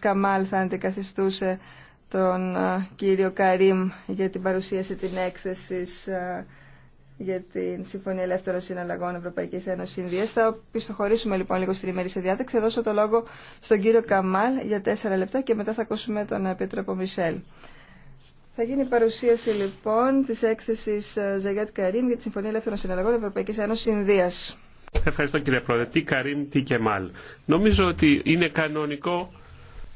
Καμάλ θα αντικαθιστούσε τον ε, κύριο Καρίμ για την παρουσίαση την έκθεση ε, για την Συμφωνία Ελεύθερων Συναλλαγών Ευρωπαϊκή Ένωση Ινδία. Θα πιστοχωρήσουμε λοιπόν λίγο στην σε διάταξη. Θα δώσω το λόγο στον κύριο Καμάλ για τέσσερα λεπτά και μετά θα ακούσουμε τον Επίτροπο Μισελ. Θα γίνει η παρουσίαση λοιπόν τη έκθεση ε, Ζαγιάτ Καρίμ για τη Συμφωνία Ελεύθερων Συναλλαγών Ευρωπαϊκή Ένωση Ινδία. Ευχαριστώ κύριε Πρόεδρε. Τι Καρίμ, τι Κεμάλ. Νομίζω ότι είναι κανονικό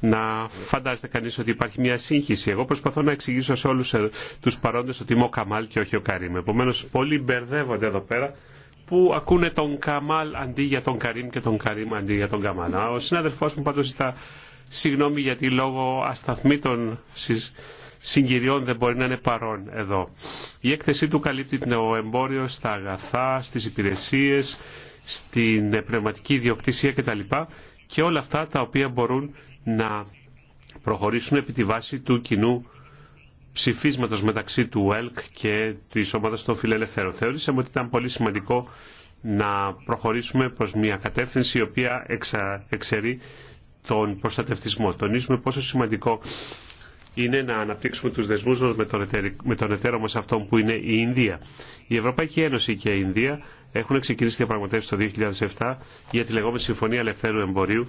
να φαντάζεται κανεί ότι υπάρχει μια σύγχυση. Εγώ προσπαθώ να εξηγήσω σε όλους τους παρόντες ότι είμαι ο Καμάλ και όχι ο Καρίμ. Επομένω, πολλοί μπερδεύονται εδώ πέρα που ακούνε τον Καμάλ αντί για τον Καρίμ και τον Καρίμ αντί για τον Καμάλ. Ο συνάδελφό μου πάντω ζητά συγγνώμη γιατί λόγω ασταθμήτων συγκυριών δεν μπορεί να είναι παρόν εδώ. Η έκθεσή του καλύπτει το εμπόριο στα αγαθά, στις υπηρεσίες, στην πνευματική ιδιοκτησία κτλ. Και όλα αυτά τα οποία μπορούν να προχωρήσουν επί τη βάση του κοινού ψηφίσματος μεταξύ του ΕΛΚ και της ομάδας των φιλελευθέρων. Θεωρήσαμε ότι ήταν πολύ σημαντικό να προχωρήσουμε προς μια κατεύθυνση η οποία εξα, εξαιρεί τον προστατευτισμό. Τονίζουμε πόσο σημαντικό είναι να αναπτύξουμε τους δεσμούς μας με τον, εταίρο, με τον εταίρο μας αυτό που είναι η Ινδία. Η Ευρωπαϊκή Ένωση και η Ινδία έχουν ξεκινήσει διαπραγματεύσεις το 2007 για τη λεγόμενη Συμφωνία Ελευθέρου Εμπορίου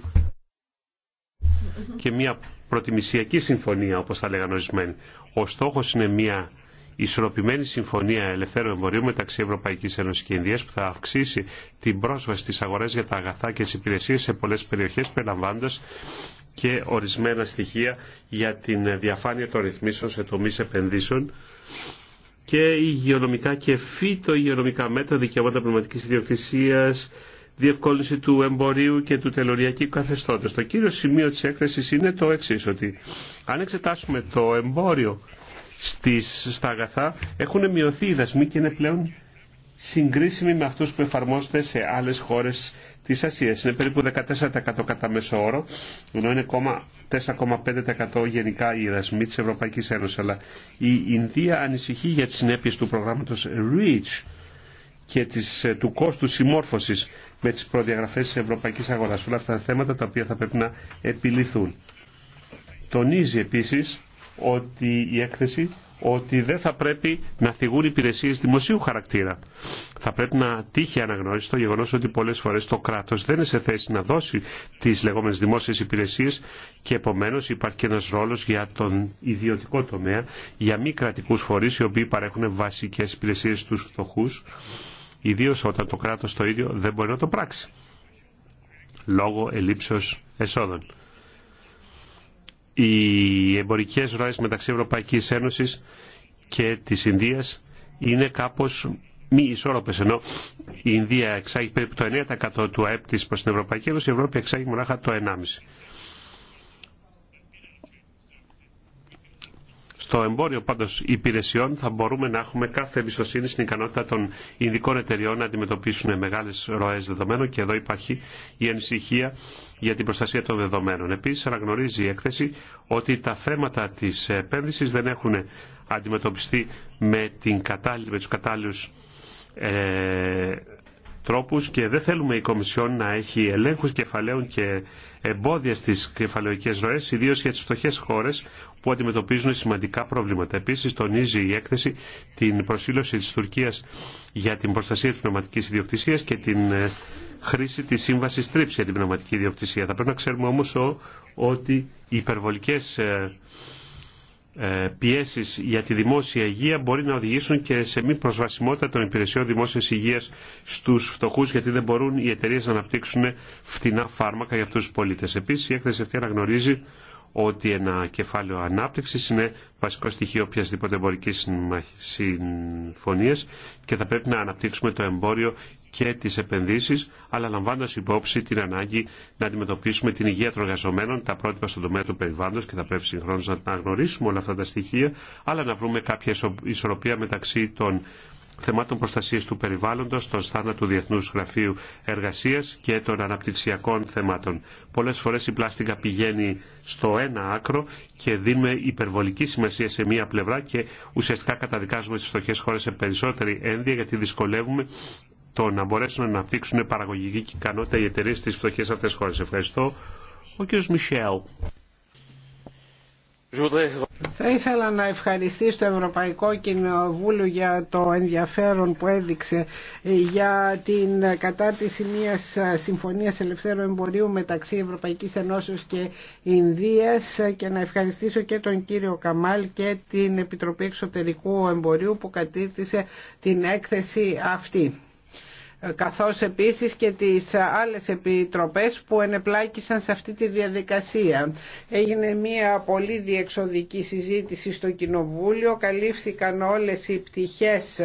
και μια προτιμησιακή συμφωνία, όπως θα λέγανε ορισμένοι. Ο στόχος είναι μια ισορροπημένη συμφωνία ελευθέρου εμπορίου μεταξύ Ευρωπαϊκής Ένωσης και Ινδίας που θα αυξήσει την πρόσβαση στις αγορές για τα αγαθά και τις υπηρεσίες σε πολλές περιοχές περιλαμβάνοντας και ορισμένα στοιχεία για την διαφάνεια των ρυθμίσεων σε τομείς επενδύσεων και υγειονομικά και φυτο υγειονομικά μέτρα δικαιώματα πνευματικής ιδιοκτησίας, διευκόλυνση του εμπορίου και του τελωριακού καθεστώτος. Το κύριο σημείο της έκθεσης είναι το εξής, ότι αν εξετάσουμε το εμπόριο στις, στα αγαθά, έχουν μειωθεί οι δασμοί και είναι πλέον συγκρίσιμοι με αυτούς που εφαρμόζονται σε άλλες χώρες της Ασίας. Είναι περίπου 14% κατά μέσο όρο, ενώ είναι 4,5% γενικά οι δασμοί της Ευρωπαϊκής Ένωσης. Αλλά η Ινδία ανησυχεί για τις συνέπειες του προγράμματος REACH, και της, ε, του κόστου συμμόρφωσης με τις προδιαγραφές της ευρωπαϊκής αγοράς. Όλα αυτά τα θέματα τα οποία θα πρέπει να επιληθούν. Τονίζει επίσης ότι η έκθεση ότι δεν θα πρέπει να θυγούν υπηρεσίε δημοσίου χαρακτήρα. Θα πρέπει να τύχει αναγνώριση το γεγονό ότι πολλέ φορέ το κράτο δεν είναι σε θέση να δώσει τι λεγόμενε δημόσιε υπηρεσίε και επομένω υπάρχει και ένα ρόλο για τον ιδιωτικό τομέα, για μη κρατικού φορεί οι οποίοι παρέχουν βασικέ υπηρεσίε στου φτωχού ιδίω όταν το κράτο το ίδιο δεν μπορεί να το πράξει λόγω ελήψεως εσόδων. Οι εμπορικέ ροέ μεταξύ Ευρωπαϊκή Ένωση και τη Ινδία είναι κάπω μη ισόρροπε. ενώ η Ινδία εξάγει περίπου το 9% του ΑΕΠ τη προ την Ευρωπαϊκή Ένωση, η Ευρώπη εξάγει μονάχα το 1,5%. Στο εμπόριο πάντως υπηρεσιών θα μπορούμε να έχουμε κάθε εμπιστοσύνη στην ικανότητα των ειδικών εταιριών να αντιμετωπίσουν μεγάλες ροές δεδομένων και εδώ υπάρχει η ανησυχία για την προστασία των δεδομένων. Επίσης αναγνωρίζει η έκθεση ότι τα θέματα της επένδυσης δεν έχουν αντιμετωπιστεί με, την κατάλληλη, τους κατάλληλους ε, τρόπους και δεν θέλουμε η Κομισιόν να έχει ελέγχους κεφαλαίων και εμπόδια στις κεφαλαιοικές ροές, ιδίως για τις φτωχές χώρες που αντιμετωπίζουν σημαντικά προβλήματα. Επίσης τονίζει η έκθεση την προσήλωση της Τουρκίας για την προστασία της πνευματικής ιδιοκτησίας και την ε, χρήση της σύμβασης TRIPS για την πνευματική ιδιοκτησία. Θα πρέπει να ξέρουμε όμως ότι οι υπερβολικές ε, ε, πιέσεις για τη δημόσια υγεία μπορεί να οδηγήσουν και σε μη προσβασιμότητα των υπηρεσιών δημόσιας υγείας στους φτωχούς γιατί δεν μπορούν οι εταιρείε να αναπτύξουν φτηνά φάρμακα για αυτούς τους πολίτες. Επίσης η έκθεση αυτή αναγνωρίζει ότι ένα κεφάλαιο ανάπτυξη είναι βασικό στοιχείο οποιασδήποτε εμπορική συμφωνία και θα πρέπει να αναπτύξουμε το εμπόριο και τι επενδύσει, αλλά λαμβάνοντα υπόψη την ανάγκη να αντιμετωπίσουμε την υγεία των εργαζομένων, τα πρότυπα στον τομέα του περιβάλλοντο και θα πρέπει συγχρόνω να γνωρίσουμε όλα αυτά τα στοιχεία, αλλά να βρούμε κάποια ισορροπία μεταξύ των θεμάτων προστασίας του περιβάλλοντος, των στάντα του Διεθνούς Γραφείου Εργασίας και των αναπτυξιακών θεμάτων. Πολλές φορές η πλάστικα πηγαίνει στο ένα άκρο και δίνουμε υπερβολική σημασία σε μία πλευρά και ουσιαστικά καταδικάζουμε τις φτωχές χώρες σε περισσότερη ένδια γιατί δυσκολεύουμε το να μπορέσουν να αναπτύξουν παραγωγική ικανότητα οι εταιρείε στις φτωχές αυτές χώρες. Ευχαριστώ. Ο κ. Μισελ. Θα ήθελα να ευχαριστήσω το Ευρωπαϊκό Κοινοβούλιο για το ενδιαφέρον που έδειξε για την κατάρτιση μιας συμφωνίας ελευθέρου εμπορίου μεταξύ Ευρωπαϊκής Ενώσεως και Ινδίας και να ευχαριστήσω και τον κύριο Καμάλ και την Επιτροπή Εξωτερικού Εμπορίου που κατήρτισε την έκθεση αυτή. Ε, καθώς επίσης και τις άλλες επιτροπές που ενεπλάκησαν σε αυτή τη διαδικασία. Έγινε μια πολύ διεξοδική συζήτηση στο Κοινοβούλιο, καλύφθηκαν όλες οι πτυχές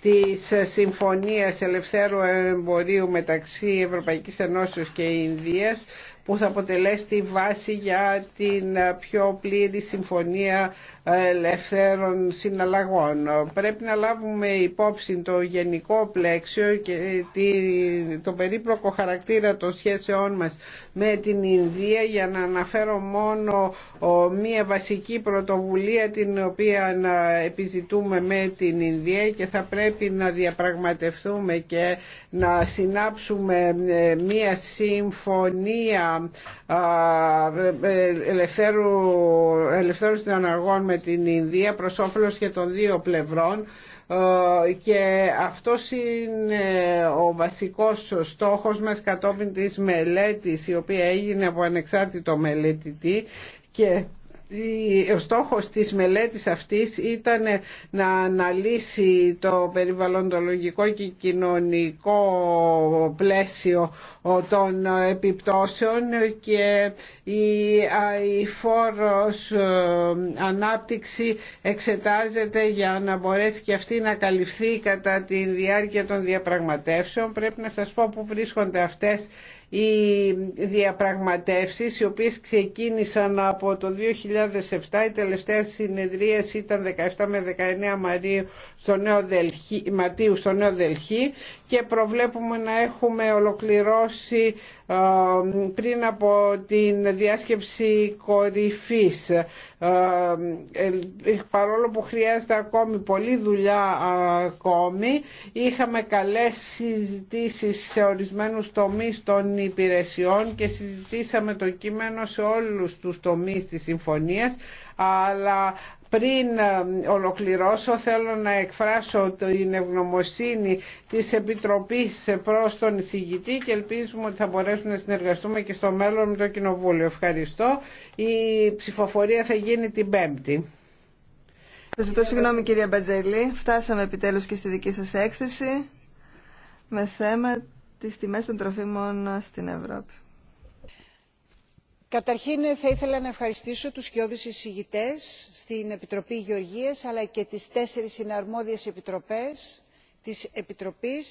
της Συμφωνίας Ελευθέρου Εμπορίου μεταξύ Ευρωπαϊκής Ενώσεως και Ινδίας που θα αποτελέσει τη βάση για την πιο πλήρη συμφωνία ελευθέρων συναλλαγών. Πρέπει να λάβουμε υπόψη το γενικό πλέξιο και το περίπλοκο χαρακτήρα των σχέσεών μας με την Ινδία για να αναφέρω μόνο μία βασική πρωτοβουλία την οποία να επιζητούμε με την Ινδία και θα πρέπει να διαπραγματευτούμε και να συνάψουμε ε, μία συμφωνία ελευθέρου, των αναργών με την Ινδία προς όφελος και των δύο πλευρών ε, και αυτός είναι ο βασικός στόχος μας κατόπιν της μελέτης η οποία έγινε από ανεξάρτητο μελετητή και ο στόχος της μελέτης αυτής ήταν να αναλύσει το περιβαλλοντολογικό και κοινωνικό πλαίσιο των επιπτώσεων και η αηφόρος ε, ανάπτυξη εξετάζεται για να μπορέσει και αυτή να καλυφθεί κατά τη διάρκεια των διαπραγματεύσεων. Πρέπει να σας πω που βρίσκονται αυτές οι διαπραγματεύσεις οι οποίες ξεκίνησαν από το 2007 η τελευταία συνεδρίαση ήταν 17 με 19 Μαρτίου στο Νέο Δελχή, Μαρτίου στο Νέο Δελχή και προβλέπουμε να έχουμε ολοκληρώσει πριν από την διάσκεψη κορυφής. Ε, παρόλο που χρειάζεται ακόμη πολλή δουλειά ακόμη, είχαμε καλές συζητήσεις σε ορισμένους τομείς των υπηρεσιών και συζητήσαμε το κείμενο σε όλους τους τομείς της συμφωνίας, αλλά πριν ε, ολοκληρώσω θέλω να εκφράσω την ευγνωμοσύνη της Επιτροπής προς τον εισηγητή και ελπίζουμε ότι θα μπορέσουμε να συνεργαστούμε και στο μέλλον με το Κοινοβούλιο. Ευχαριστώ. Η ψηφοφορία θα γίνει την Πέμπτη. Σας ζητώ συγγνώμη κυρία Μπατζελή. Φτάσαμε επιτέλους και στη δική σας έκθεση με θέμα τις τιμές των τροφίμων στην Ευρώπη καταρχήν ε, θα ήθελα να ευχαριστήσω τους σκιώδεις εισηγητές στην επιτροπή γεωργίας αλλά και τις τέσσερις συναρμόδιες επιτροπές της επιτροπής